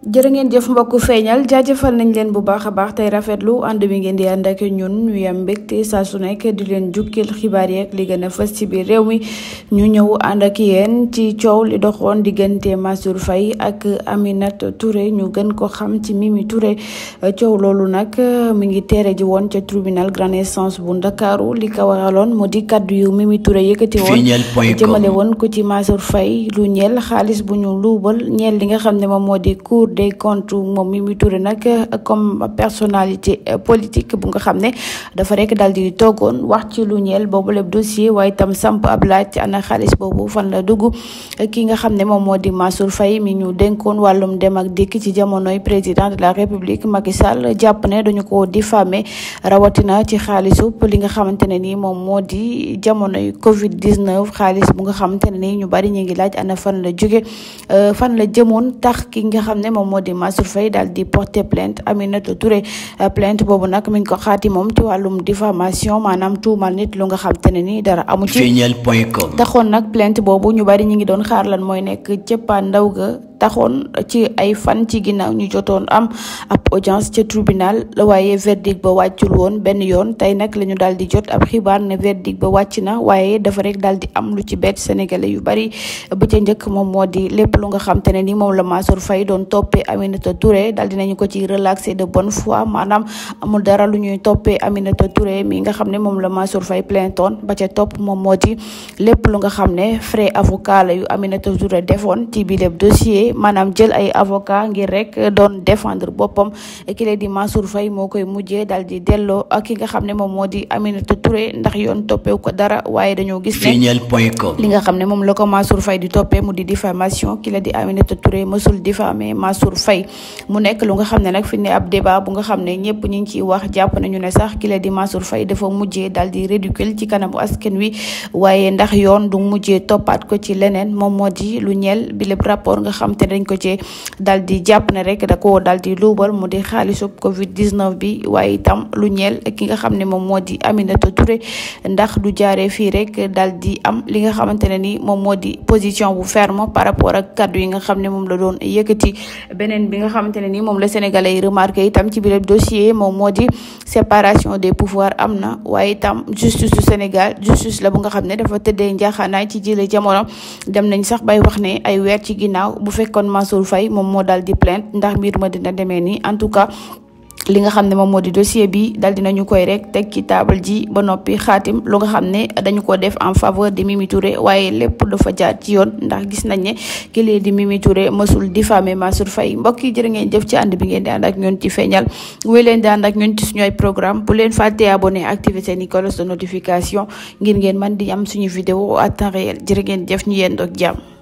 jërë ngeen jëf mbokku feeñal jaajëfal nañ leen bu baax a baax tey rafetlu ànd bi ngeen di ànd ak ñun ñu yam mbégte saa su nekk di leen jukkil xibaar yeeg li gën a fës ci biir réew mi ñu ñëw ànd ak yéen ci coow li doxoon diggante Mansour Faye ak aminat Touré ñu gën ko xam ci Mimi Touré coow loolu nag euh, mi ngi teere ji woon ca tribunal grand instance bu Ndakaaru li ko waraloon moo di kaddu yu Mimi Touré yëkkati woon jëmale woon ko ci Mansour Faye lu ñeel xaalis bu ñu luubal ñeel li nga xam ne moom moo di cour des comptes moom Mimi Touré nag euh, comme personnalité euh, politique bu nga xam ne dafa rek daal di toogoon wax ci lu ñeel boobu lépp dossier waaye itam samp ab laaj ana xaalis boobu fan la dugg euh, ki nga xam ne moom moo di Mansour Faye mi ñu dénkoon wàllum dem ak dikk ci jamonoy président la république Macky Sall jàpp ne dañu ko diffamé rawatina ci xaalisu li nga xamante ne nii moom moo di jamonoy Covid 19 xaalis bu nga xamante ne nii ñu bari ñu ngi laaj ana fan la jóge fan tax ki nga xam ne moom moo di di porter plainte Aminata Touré euh, plainte boobu nag mi ngi ko xaati moom ci wàllum diffamation manam tuumal nit lu nga xam te ne ni dara amu ci plainte boobu ñu bari ñi ngi doon xaar lan mooy nekk ndaw taxoon ci ay fan ci ginnaaw ñu jotoon am ab audience ca tribunal waaye verdict ba wàccul woon benn yoon tey nag la ñu daal di jot ab xibaar ne verdict ba wàcc na waaye dafa rek daal di am lu ci bett sénégalais yu bari ba ca njëkk moom moo di lépp lu nga xam te ne ni moom la Mansour fay doon toppee Aminata Touré daal dinañu ko ci relaxé de bonne foi maanaam amul dara lu ñuy toppee Aminata Touré mi nga xam ne moom la Mansour Faye plaintoon ba ca topp moom moo di lépp lu nga xam ne frais avocat la yu Aminata Touré defoon ci bi lépp dossier bi maanaam jël ay avocat ngir rek doon défendre boppam kile di Mansour Faye moo koy mujjee daal di delloo ak ki nga xam ne moom moo di Aminata Touré ndax yoon toppeewu ko dara waaye dañoo gis ne li nga xam ne moom la ko Mansour Faye di toppee mu di diffamation kile di Aminata Touré mësul diffamé Mansour Faye mu nekk lu nga xam ne nag fi ne ab débat bu nga xam ne ñëpp ñu ngi ciy wax jàpp nañu ne sax kile di Mansour Faye dafa mujjee daal di ridicule ci kanamu askan wi waaye ndax yoon du mujjee toppaat ko ci leneen moom moo lu ñeel bi rapport nga xam xamante ne dañ ko cee dal di jàpp ne rek da koo dal di covid 19 bi waaye itam lu ñeel ki nga xam ne moom moo Aminata Touré ndax du jaaree fii rek dal am li nga xamante ni moom moo position bu ferme par rapport ak kaddu yi nga xam ne moom la doon yëkkati beneen bi nga xamante ni moom la sénégalais yi remarqué itam ci dossier mon moo séparation des pouvoirs am na waaye justice du Sénégal justice la bu nga xam ne dafa tëddee njaaxaanaay ci jële jamono dem nañ sax bay wax ne ay weer ci ginnaaw bu kon Mansour fay moom moo daal di plainte ndax mbir ma dina demee nii en tout cas li nga xam ne moom moo di dossier bi dal dinañu koy rek teg ci table ji ba noppi xaatim lu nga xam ne dañu ko def en faveur de Mimi waaye lépp dafa jaar ci yoon ndax gis nañ ne ki lee di Mimi Touré mësul diffamé Mansour Faye mbokk yi jërë ngeen jëf ci ànd bi ngeen di ànd ak ñun ci feeñal wéy leen di ànd ak ñun ci suñu ay programme bu leen fàtte abonné activé seen i cloche de notification ngir ngeen man di am suñu vidéo à temps réel jërë ngeen jëf ñu yendoo ak jàmm